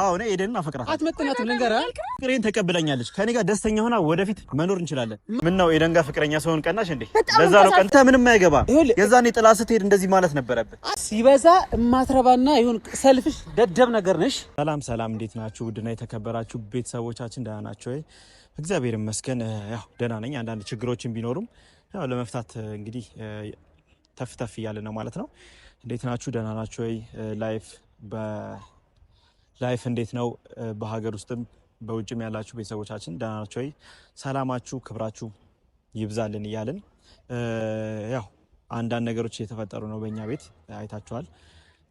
አዎ እኔ ኤደንን አፈቅራት አትመጥናትም። ልንገርህ ፍቅሬን ተቀብለኛለች። ከኔ ጋር ደስተኛ ሆና ወደፊት መኖር እንችላለን። ምን ነው ኤደን ጋር ፍቅረኛ ሰሆን ቀናሽ እንዴ? ለዛ ነው ቀንተ ምንም አይገባ። የዛኔ ጥላ ስትሄድ እንደዚህ ማለት ነበረብን። ሲበዛ እማትረባና ይሁን ሰልፍሽ ደደብ ነገር ነሽ። ሰላም ሰላም፣ እንዴት ናችሁ? ውድና የተከበራችሁ ቤተሰቦቻችን ደህና ናቸው ወይ? እግዚአብሔር ይመስገን ያው ደህና ነኝ። አንዳንድ ችግሮችን ቢኖሩም ያው ለመፍታት እንግዲህ ተፍተፍ እያለ ነው ማለት ነው። እንዴት ናችሁ? ደህና ናቸው ወይ? ላይፍ በ ላይፍ እንዴት ነው? በሀገር ውስጥም በውጭም ያላችሁ ቤተሰቦቻችን ደህና ናችሁ ወይ? ሰላማችሁ ክብራችሁ ይብዛልን እያልን ያው አንዳንድ ነገሮች እየተፈጠሩ ነው። በእኛ ቤት አይታችኋል።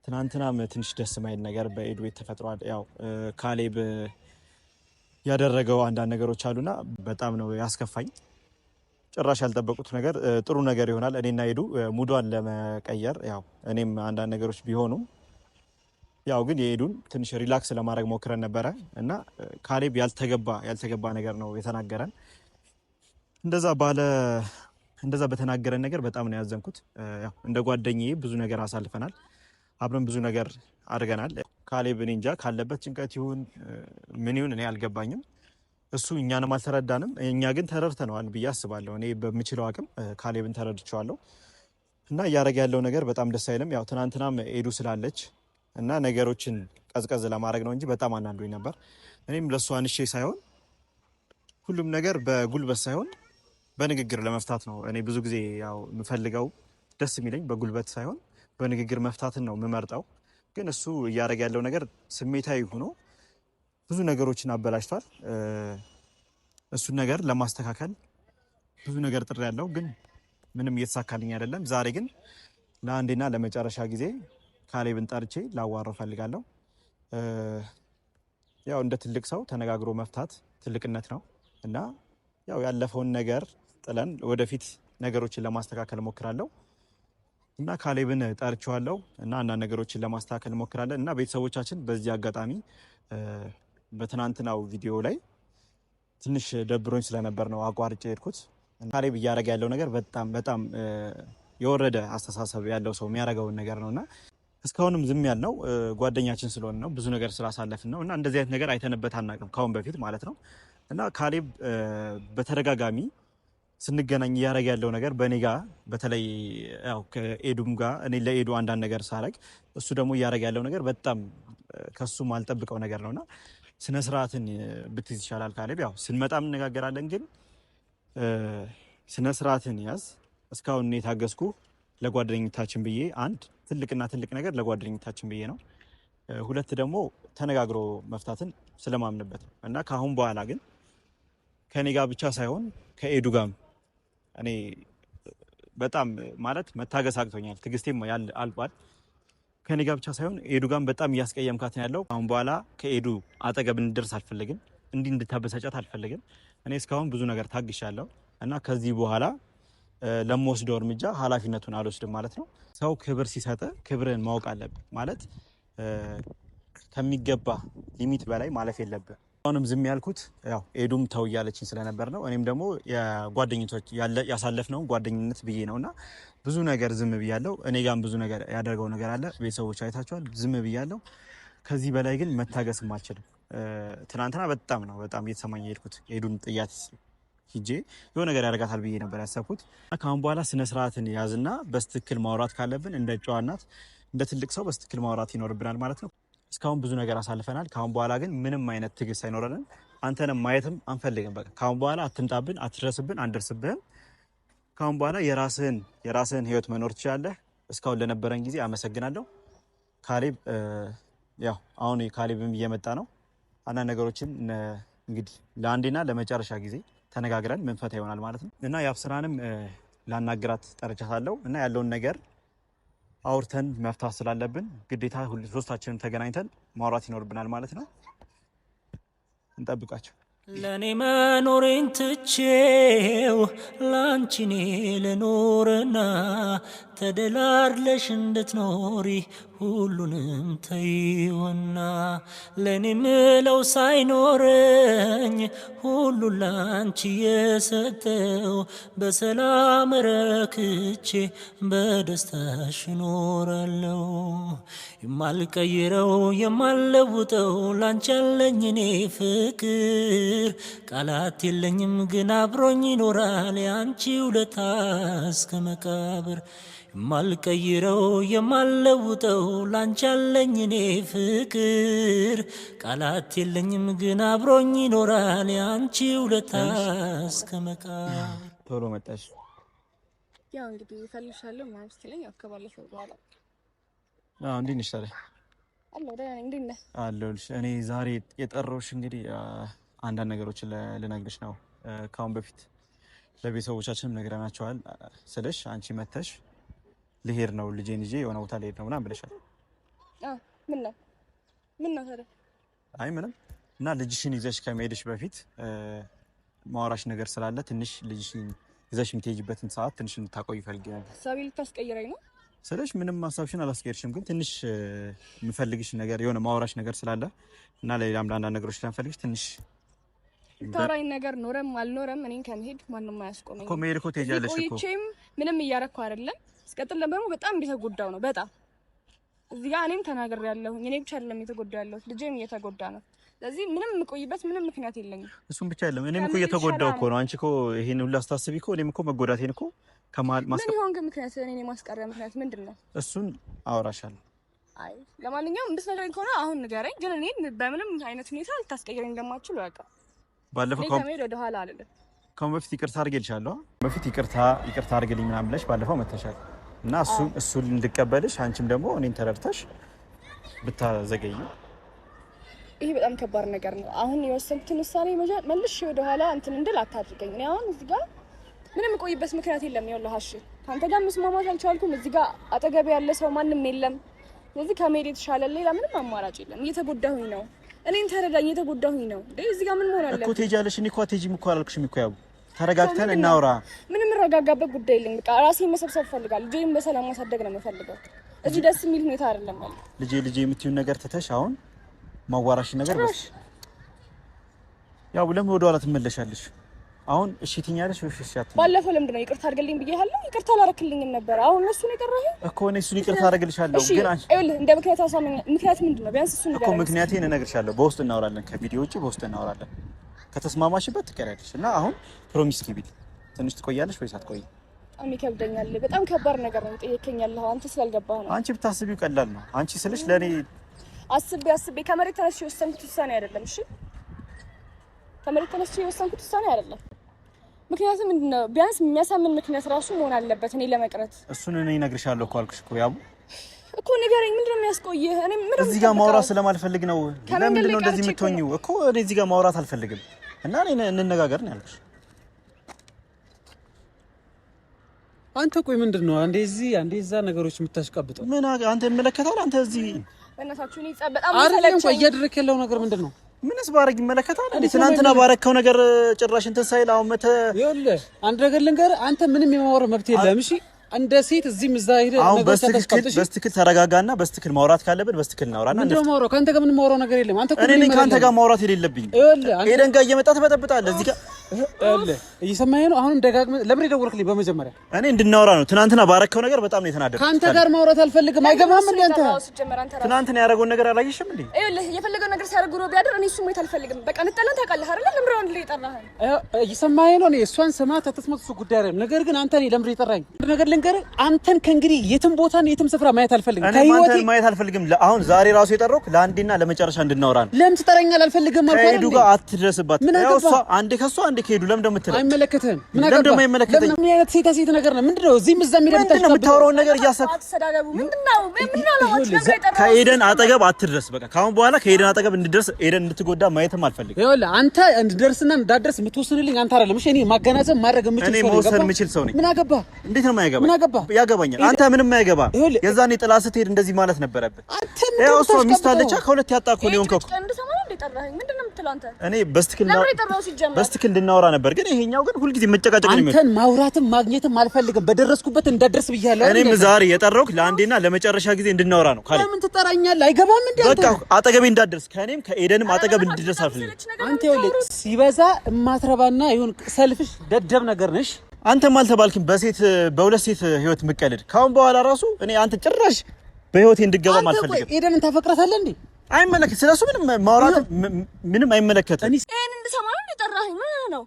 ትናንትናም ትንሽ ደስ ማይል ነገር በኤዱ ቤት ተፈጥሯል። ያው ካሌብ ያደረገው አንዳንድ ነገሮች አሉና በጣም ነው ያስከፋኝ። ጭራሽ ያልጠበቁት ነገር ጥሩ ነገር ይሆናል። እኔና ኤዱ ሙዷን ለመቀየር ያው እኔም አንዳንድ ነገሮች ቢሆኑም ያው ግን የኤዱን ትንሽ ሪላክስ ለማድረግ ሞክረን ነበረ እና ካሌብ ያልተገባ ያልተገባ ነገር ነው የተናገረን። እንደዛ ባለ እንደዛ በተናገረን ነገር በጣም ነው ያዘንኩት። እንደ ጓደኛዬ ብዙ ነገር አሳልፈናል፣ አብረን ብዙ ነገር አድርገናል። ካሌብ እኔ እንጃ ካለበት ጭንቀት ይሁን ምን ይሁን እኔ አልገባኝም። እሱ እኛንም አልተረዳንም። እኛ ግን ተረድተነዋል ብዬ አስባለሁ። እኔ በምችለው አቅም ካሌብን ተረድቼዋለሁ እና እያደረገ ያለው ነገር በጣም ደስ አይልም። ያው ትናንትናም ኤዱ ስላለች እና ነገሮችን ቀዝቀዝ ለማድረግ ነው እንጂ በጣም አናዶኝ ነበር። እኔም ለእሱ አንሼ ሳይሆን ሁሉም ነገር በጉልበት ሳይሆን በንግግር ለመፍታት ነው። እኔ ብዙ ጊዜ ያው የምፈልገው ደስ የሚለኝ በጉልበት ሳይሆን በንግግር መፍታትን ነው የምመርጠው። ግን እሱ እያደረገ ያለው ነገር ስሜታዊ ሆኖ ብዙ ነገሮችን አበላሽቷል። እሱን ነገር ለማስተካከል ብዙ ነገር ጥሬ ያለው ግን ምንም እየተሳካልኝ አይደለም። ዛሬ ግን ለአንዴና ለመጨረሻ ጊዜ ካሌብን ጠርቼ ላዋረው ፈልጋለሁ። ያው እንደ ትልቅ ሰው ተነጋግሮ መፍታት ትልቅነት ነው እና ያው ያለፈውን ነገር ጥለን ወደፊት ነገሮችን ለማስተካከል እሞክራለሁ እና ካሌብን ጠርቼዋለሁ እና አንዳንድ ነገሮችን ለማስተካከል እንሞክራለን እና ቤተሰቦቻችን በዚህ አጋጣሚ በትናንትናው ቪዲዮ ላይ ትንሽ ደብሮኝ ስለነበር ነው አቋርጬ ሄድኩት። ካሌብ እያደረገ ያለው ነገር በጣም በጣም የወረደ አስተሳሰብ ያለው ሰው የሚያደርገውን ነገር ነው እና እስካሁንም ዝም ያልነው ጓደኛችን ስለሆነ ነው። ብዙ ነገር ስላሳለፍን ነው እና እንደዚህ አይነት ነገር አይተንበት አናውቅም ካሁን በፊት ማለት ነው። እና ካሌብ በተደጋጋሚ ስንገናኝ እያደረገ ያለው ነገር በእኔ ጋ በተለይ ያው ከኤዱም ጋር እኔ ለኤዱ አንዳንድ ነገር ሳረግ እሱ ደግሞ እያደረገ ያለው ነገር በጣም ከሱም አልጠብቀው ነገር ነውና ስነ ስርዓትን ብትይዝ ይሻላል ካሌብ። ያው ስንመጣም እነጋገራለን፣ ግን ስነ ስርዓትን ያዝ። እስካሁን እኔ የታገስኩ ለጓደኝታችን ብዬ አንድ ትልቅና ትልቅ ነገር ለጓደኝታችን ብዬ ነው። ሁለት ደግሞ ተነጋግሮ መፍታትን ስለማምንበት ነው እና ከአሁን በኋላ ግን ከኔ ጋር ብቻ ሳይሆን ከኤዱ ጋም እኔ በጣም ማለት መታገስ አቅቶኛል። ትግስቴም ያል አልቋል። ከኔ ጋር ብቻ ሳይሆን ኤዱ ጋም በጣም እያስቀየምካት ነው ያለው። አሁን በኋላ ከኤዱ አጠገብ እንድደርስ አልፈልግም። እንዲህ እንድታበሳጫት አልፈልግም። እኔ እስካሁን ብዙ ነገር ታግሻለሁ እና ከዚህ በኋላ ለምወስደው እርምጃ ኃላፊነቱን አልወስድም ማለት ነው። ሰው ክብር ሲሰጥ ክብርን ማወቅ አለብን ማለት ከሚገባ ሊሚት በላይ ማለፍ የለብን። አሁንም ዝም ያልኩት ያው ኤዱም ተው እያለችኝ ስለነበር ነው። እኔም ደግሞ የጓደኝቶች ያሳለፍነውን ጓደኝነት ብዬ ነው እና ብዙ ነገር ዝም ብያለው። እኔ ጋም ብዙ ነገር ያደርገው ነገር አለ። ቤተሰቦች አይታቸዋል። ዝም ብያለው። ከዚህ በላይ ግን መታገስም አልችልም። ትናንትና በጣም ነው በጣም እየተሰማኝ የሄድኩት ኤዱን ጥያት ሂጄ የሆነ ነገር ያደርጋታል ብዬ ነበር ያሰብኩት። ከአሁን በኋላ ስነስርዓትን ያዝና በስትክል ማውራት ካለብን እንደ ጨዋናት እንደ ትልቅ ሰው በስትክል ማውራት ይኖርብናል ማለት ነው። እስካሁን ብዙ ነገር አሳልፈናል። ከአሁን በኋላ ግን ምንም አይነት ትግስ አይኖረንም። አንተንም ማየትም አንፈልግም። በቃ ከአሁን በኋላ አትምጣብን፣ አትድረስብን፣ አንደርስብህም። ከአሁን በኋላ የራስህን የራስህን ህይወት መኖር ትችላለህ። እስካሁን ለነበረን ጊዜ አመሰግናለሁ። ካሌብ ያው አሁን ካሌብም እየመጣ ነው። አንዳንድ ነገሮችን እንግዲህ ለአንዴና ለመጨረሻ ጊዜ ተነጋግረን መንፈታ ይሆናል ማለት ነው እና የአብስራንም ላናግራት ጠርቻታለሁ እና ያለውን ነገር አውርተን መፍታት ስላለብን ግዴታ ሶስታችንም ተገናኝተን ማውራት ይኖርብናል ማለት ነው። እንጠብቃቸው። ለእኔ መኖሬን ትቼው ላንቺኔ ልኖርና ተደላድለሽ እንድትኖሪ ሁሉንም ተይውና ለእኔ ምለው ሳይኖረኝ ሁሉን ላንቺ የሰጠው በሰላም ረክቼ በደስታሽ እኖራለሁ። የማልቀይረው የማልለውጠው ላንቺ ያለኝ እኔ ፍቅር ቃላት የለኝም ግን አብሮኝ ይኖራል የአንቺ ውለታ እስከ መቃብር የማልቀይረው የማልለውጠው ላንቺ ያለኝ እኔ ፍቅር ቃላት የለኝም ግን አብሮኝ ይኖራል የአንቺ ውለታ እስከ መቃብር። ቶሎ መጣሽ። ያው እንግዲህ እፈልግሻለሁ ምናምን ስትለኝ ያው ከባለፈው በኋላ እንዴት ነሽ ታዲያ? አለሁ ደህና አለሁልሽ። እኔ ዛሬ የጠራሁሽ እንግዲህ አንዳንድ ነገሮችን ልነግርሽ ነው። ከአሁን በፊት ለቤተሰቦቻችንም ነግረናቸዋል ስልሽ አንቺ መተሽ ልሄድ ነው ልጄን ይዤ የሆነ ቦታ ልሄድ ነው ምናምን ብለሻል። ምነው ምነው ታዲያ? አይ ምንም። እና ልጅሽን ይዘሽ ከመሄድሽ በፊት ማውራሽ ነገር ስላለ ትንሽ ልጅሽን ይዘሽ የምትሄጂበትን ሰዓት ትንሽ እንድታቆይ ይፈልጋል። ሀሳቤ ልታስቀይረኝ ነው ስለሽ ምንም ሀሳብሽን አላስቀየርሽም፣ ግን ትንሽ የምፈልግሽ ነገር የሆነ ማውራሽ ነገር ስላለ እና ለሌላም ለአንዳንድ ነገሮች ስለምፈልግሽ ትንሽ ታራኝ ነገር ኖረም አልኖረም እኔን ከመሄድ ማንም አያስቆመኝ እኮ። መሄድ እኮ ትሄጃለሽ እኮ። ቆይቼም ምንም እያረኩ አይደለም። ስቀጥል ደግሞ በጣም እየተጎዳው ነው። በጣም እዚህ ጋር እኔም ያለሁ እኔ ብቻ አይደለም እየተጎዳ ያለሁት፣ ልጄም እየተጎዳ ነው። ስለዚህ ምንም የምቆይበት ምንም ምክንያት የለኝም። እሱም ብቻ አይደለም እኔም እኮ እየተጎዳው እኮ ነው። አንቺ እኮ ይሄን ሁሉ አስታስቢ እኮ እኔም እኮ መጎዳቴን እኮ ከማል ማስቀር ምን ይሆን ግን ምክንያት እኔ የማስቀሪያ ምክንያት ምንድን ነው? እሱን አወራሻለሁ። አይ ለማንኛውም ብትነግረኝ ከሆነ አሁን ንገረኝ። ግን እኔ በምንም አይነት ሁኔታ ልታስቀይረኝ እንደማትችል ያውቃል ባለፈው ከአሁን በፊት ይቅርታ አድርጌልሻለሁ። በፊት ይቅርታ ይቅርታ አድርጌልኝ ምናምን ብለሽ ባለፈው መተሻል እና እሱ እሱ እንድቀበልሽ አንቺም ደግሞ እኔን ተረድተሽ ብታዘገይ ይሄ በጣም ከባድ ነገር ነው። አሁን የወሰንኩትን ውሳኔ መጃት መልሽ ወደኋላ እንትን እንድል አታድርገኝ። እኔ አሁን እዚህ ጋር ምንም ቆይበት ምክንያት የለም። ይኸውልህ እሺ፣ ከአንተ ጋር መስማማት አልቻልኩም። እዚህ ጋር አጠገብ ያለ ሰው ማንም የለም። ስለዚህ ከመሄድ የተሻለ ሌላ ምንም አማራጭ የለም። እየተጎዳሁኝ ነው። እኔን ተረዳኝ፣ የተጎዳሁኝ ነው። እዚህ ጋር ምን መሆን አለ እኮ ትሄጃለሽ። እኔ እኮ አትሄጂም እኮ አላልኩሽም እኮ ያቡ ተረጋግተን እናውራ። ምንም እረጋጋበት ጉዳይ የለም። በቃ ራሴን መሰብሰብ እፈልጋለሁ። ልጄን በሰላም ማሳደግ ነው የምፈልገው። እዚህ ደስ የሚል ሁኔታ አይደለም ማለት ልጄ ልጄ የምትይውን ነገር ትተሽ አሁን ማዋራሽ ነገር በስ ያው ለምን ወደ ኋላ ትመለሻለሽ? አሁን እሺ ትኛለሽ ወይስ እሺ አትይኝ። ባለፈው ለምንድን ነው ይቅርታ አድርግልኝ ብዬሽ ይቅርታ አላደረክልኝም ነበር። አሁን እሱ እነሱን የቀረህ እኮ እኔ እሱን ይቅርታ አደርግልሻለሁ፣ ግን አንቺ ይኸውልህ፣ እንደ ምክንያት አሳመኝ። ምክንያት ምንድን ነው? ቢያንስ ነው እኮ ምክንያቴን እነግርሻለሁ። በውስጥ እናወራለን፣ ከቪዲዮ ውጪ በውስጥ እናወራለን። ከተስማማሽበት ትቀሪያለሽ እና አሁን ፕሮሚስ ቲቪል ትንሽ ትቆያለሽ ወይስ አትቆይም? በጣም ይከብደኛል። በጣም ከባድ ነገር ነው ጠየከኛል። አንተ ስላልገባህ ነው። አንቺ ብታስቢው ቀላል ነው። አንቺ ስልሽ ለእኔ አስቤ አስቤ ከመሬት ተነስቼ የወሰንኩት ውሳኔ አይደለም። እሺ ከመሬት ተነስቼ የወሰንኩት ውሳኔ አይደለም። ምክንያቱም ቢያንስ የሚያሳምን ምክንያት ራሱ መሆን አለበት እኔ ለመቅረት። እሱን እኔ እነግርሻለሁ እኮ አልኩሽ እኮ ያቡ እኮ ንገረኝ። ምንድን ነው የሚያስቆይህ? እኔ ምንም እዚህ ጋር ማውራት ስለማልፈልግ ነው። ለምንድን ነው እንደዚህ የምትሆኚው? እኮ እኔ እዚህ ጋር ማውራት አልፈልግም እና እኔ እንነጋገር ነው ያልኩሽ። አንተ ቆይ ምንድን ነው አንዴ እዚህ አንዴ እዛ ነገሮች የምታሽቃብጠው? ምን አንተ ይመለከታል? አንተ እዚህ በእናታችሁ እኔ በጣም እየደረክ ያለው ነገር ምንድን ነው? ምንስ ባረግ ይመለከታል? እንዴ? ትናንትና ባረከው ነገር ጭራሽ እንትን ሳይል አሁን መተ ይኸውልህ፣ አንድ ነገር ልንገርህ፣ አንተ ምንም የማወራ መብት የለም። እሺ እንደ ሴት እዚህም እዛ ሄደህ አሁን በስትክክል በስትክል ተረጋጋና በስትክል ማውራት ካለብን በስትክል እናውራና። እንዴ ማውራው ከአንተ ጋር ምንም ማውራው ነገር የለም። አንተ እኔ ከአንተ ጋር ማውራት የሌለብኝ ሄደን ጋር እየመጣ ትበጠብጣለህ እዚህ ጋር እየሰማኸኝ ነው? አሁንም ደጋግመህ ለምን የደወልክልኝ? በመጀመሪያ እኔ እንድናወራ ነው። ትናንትና ባረከው ነገር በጣም ነው የተናደድኩት። ከአንተ ጋር ማውራት አልፈልግም። አይገባም። እንዴ አንተ ትናንትና ያደረገውን ነገር አላየሽም እንዴ? ይኸውልህ የፈለገውን ነገር ሲያደርግ ውሎ ቢያድር እኔ እሱን ማየት አልፈልግም። በቃ እንጣላን ታውቃለህ አይደለ? ለምንድን ነው የጠራኸኝ? እየሰማኸኝ ነው? እኔ እሷን ስማት አትስማት፣ እሱ ጉዳይ አይደለም። ነገር ግን አንተ እኔ ለምንድን ነው የጠራኸኝ? ነገር ልንገርህ፣ አንተን ከእንግዲህ የትም ቦታ የትም ስፍራ ማየት አልፈልግም። ከህይወቴ ማየት አልፈልግም። አሁን ዛሬ ራሱ የጠራሁህ ለአንዴና ለመጨረሻ እንድናወራ ነው። ለምን ትጠራኛለህ? አልፈልግም አልኳት። ከሄዱ ጋር አትድረስባት። ምን አንዴ ከሷ አንዴ ከሄዱ ለምን ደሞ የምትለው አይመለከትህም። ምን አገባ? ለምን አይመለከተኝ? ምን አይነት ሴታ ሴት ነገር ነው? ምንድነው? ምንድን ነው እዚህ ምዛም የምታወራውን ነገር እያሰብክ ከኤደን አጠገብ አትድረስ። በቃ ካሁን በኋላ ከኤደን አጠገብ እንድደርስ ኤደን እንድትጎዳ ማየትም አልፈልግም። ይኸውልህ አንተ እንድደርስና እንዳደርስ የምትወስንልኝ አንተ አይደለም። እሺ እኔ ማገናዘብ ማድረግ የምችል ሰው ነኝ። መውሰን የምችል ሰው ነኝ። ምን አገባ? እንዴት ነው የማያገባ? ምን አገባ? ያገባኛል። አንተ ምንም የማያገባ የዛኔ ጥላ ስትሄድ እንደዚህ ማለት ነበረብህ። ያው እሷ ሚስት አለቻ ከሁለት ያጣ እኮ ነው የሆንከው እኔ በስትክል እንድናወራ ነበር፣ ግን ይሄኛው ግን ሁልጊዜ መጨቃጨቅ ነው። አንተን ማውራትም ማግኘትም አልፈልግም። በደረስኩበት እንዳደርስ ብያለሁ። እኔም ዛሬ የጠራሁህ ለአንዴና ለመጨረሻ ጊዜ እንድናወራ ነው። ካለ ለምን ትጠራኛለህ? አይገባም እንዴ? በቃ አጠገቤ እንዳደርስ ከእኔም ከኤደንም አጠገብ እንድደርስ አልፈልግም። አንተ ይኸውልህ፣ ሲበዛ እማትረባና ይሁን ሰልፍሽ ደደብ ነገር ነሽ። አንተም አልተባልክም በሴት በሁለት ሴት ህይወት ምቀልድ። ካሁን በኋላ ራሱ እኔ አንተ ጭራሽ በህይወቴ እንድገባ አልፈልግም። ኤደንን ታፈቅራታለህ እንዴ? አይመለከት ስለሱ ምንም ማውራት ምንም አይመለከት። ይሄን እንድሰማ ነው የጠራኸኝ? ምን ነው?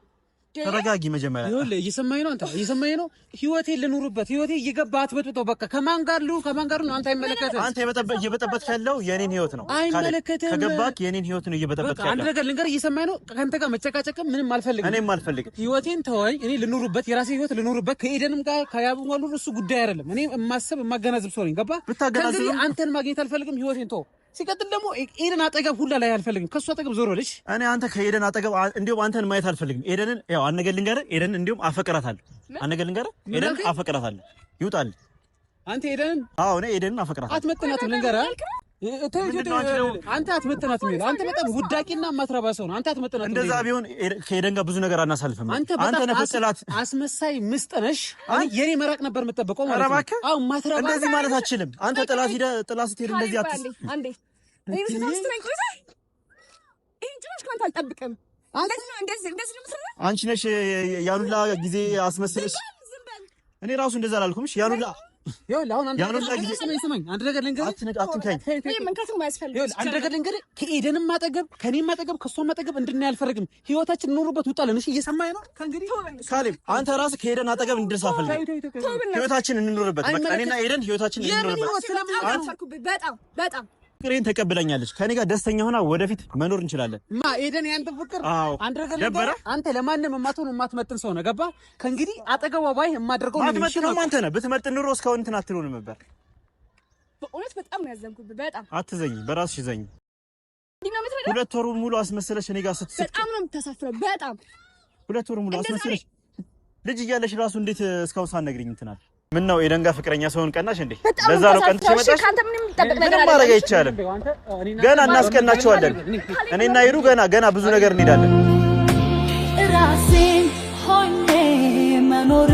ተረጋጊ መጀመሪያ። ይኸውልህ እየሰማኸኝ ነው አንተ እየሰማኸኝ ነው። ህይወቴ ልኑርበት፣ ህይወቴ እየገባ አትበጥብጠው። በቃ ከማን ጋር ልሁ ከማን ጋር ነው? አንተ አይመለከትህም። አንተ የበጠበት እየበጠበጥክ ያለው የኔን ህይወት ነው። አይመለከትህም። ከገባክ የኔን ህይወት ነው እየበጠበጥክ ያለው። አንድ ነገር ልንገርህ፣ እየሰማኸኝ ነው። ከአንተ ጋር መጨቃጨቅም ምንም አልፈልግም። እኔም አልፈልግም። ህይወቴን ተወኝ፣ እኔ ልኑርበት፣ የራሴ ህይወት ልኑርበት። ከኤደንም ጋር ከያቡም ጋር እሱ ጉዳይ አይደለም። እኔ የማስብ የማገናዝብ ሰው ነኝ። ገባህ? ብታገናዝብ አንተን ማግኘት አልፈልግም። ህይወቴን ተወው ሲቀጥል ደግሞ ኤደን አጠገብ ሁላ ላይ አልፈልግም። ከእሱ አጠገብ ዞር በልሽ። እኔ አንተ ከኤደን አጠገብ እንዲሁም አንተን ማየት አልፈልግም። ኤደንን ያው አነገልን ጋር ኤደን እንዲሁም አፈቅራታለሁ። አነገልን ጋር ኤደን ኤደንን አፈቅራታለሁ። ይውጣልህ አንተ ኤደንን? አዎ እኔ ኤደንን አፈቅራት። አትመጥናትም፣ ልንገርህ አንተ አትመጥናትም። አንተ በጣም ውዳቂና የማትረባ ሰው ነው። አንተ አትመጥናትም። እንደዛ ቢሆን ከኤደን ጋር ብዙ ነገር አናሳልፍም። አንተ አስመሳይ ምስጥ ነሽ። የኔ መራቅ ነበር የምጠብቀው ማለት ነው። አዎ የማትረባ እንደዚህ ማለት አችልም። አንተ ጥላት ሂደህ ጥላት ስትሄድ እንደዚህ አትስ አንዴ አንቺ ነሽ ያሉላ ጊዜ አስመስለሽ። እኔ ራሱ እንደዛ አላልኩም። እሺ ያሉላ አንድ ነገር ልንገርህ፣ ከኤደንም አጠገብ ከኔም አጠገብ ከእሷም አጠገብ እንድናይ አልፈልግም። ህይወታችን እንኖሩበት ውጣለን። እሺ፣ እየሰማኸኝ ነው? ከእንግዲህ ካሌብ፣ አንተ ራስህ ከኤደን አጠገብ እንድንስ ህይወታችን እንኑርበት። በቃ እኔና ኤደን ህይወታችን እንኖርበት። በጣም በጣም ፍቅሬን ተቀብለኛለች። ከኔ ጋር ደስተኛ ሆና ወደፊት መኖር እንችላለን። ማ ኤደን ያንተ ፍቅር አንድ ነገር ነበር። አንተ ለማንም የማትሆን የማትመጥን ሰው ነህ። ገባህ? ከእንግዲህ አጠገቧ ባይ የማደርገው ማትመጥነው አንተ ነህ። ብትመጥን ኑሮ እስካሁን እንትን አትሆንም ነበር። በእውነት በጣም ነው ያዘንኩብህ። በጣም አትዘኝ፣ በራስሽ ዘኝ። ሁለት ወሩ ሙሉ አስመሰለሽ እኔ ጋር ስትስቅ በጣም ነው የምታሳፍረው። በጣም ሁለት ወሩ ሙሉ አስመሰለሽ ልጅ እያለሽ ራሱ እንዴት እስካሁን ሳትነግሪኝ እንትን አለ ምን ነው የደንጋ ፍቅረኛ ሰውን ቀናሽ እንዴ? ለዛ ነው ቀንተሽ መጣሽ። ምንም ማድረግ አይቻልም። ገና እናስቀናቸዋለን። እኔና ይሩ ገና ገና ብዙ ነገር እንሄዳለን። ራሴን ሆኜ መኖር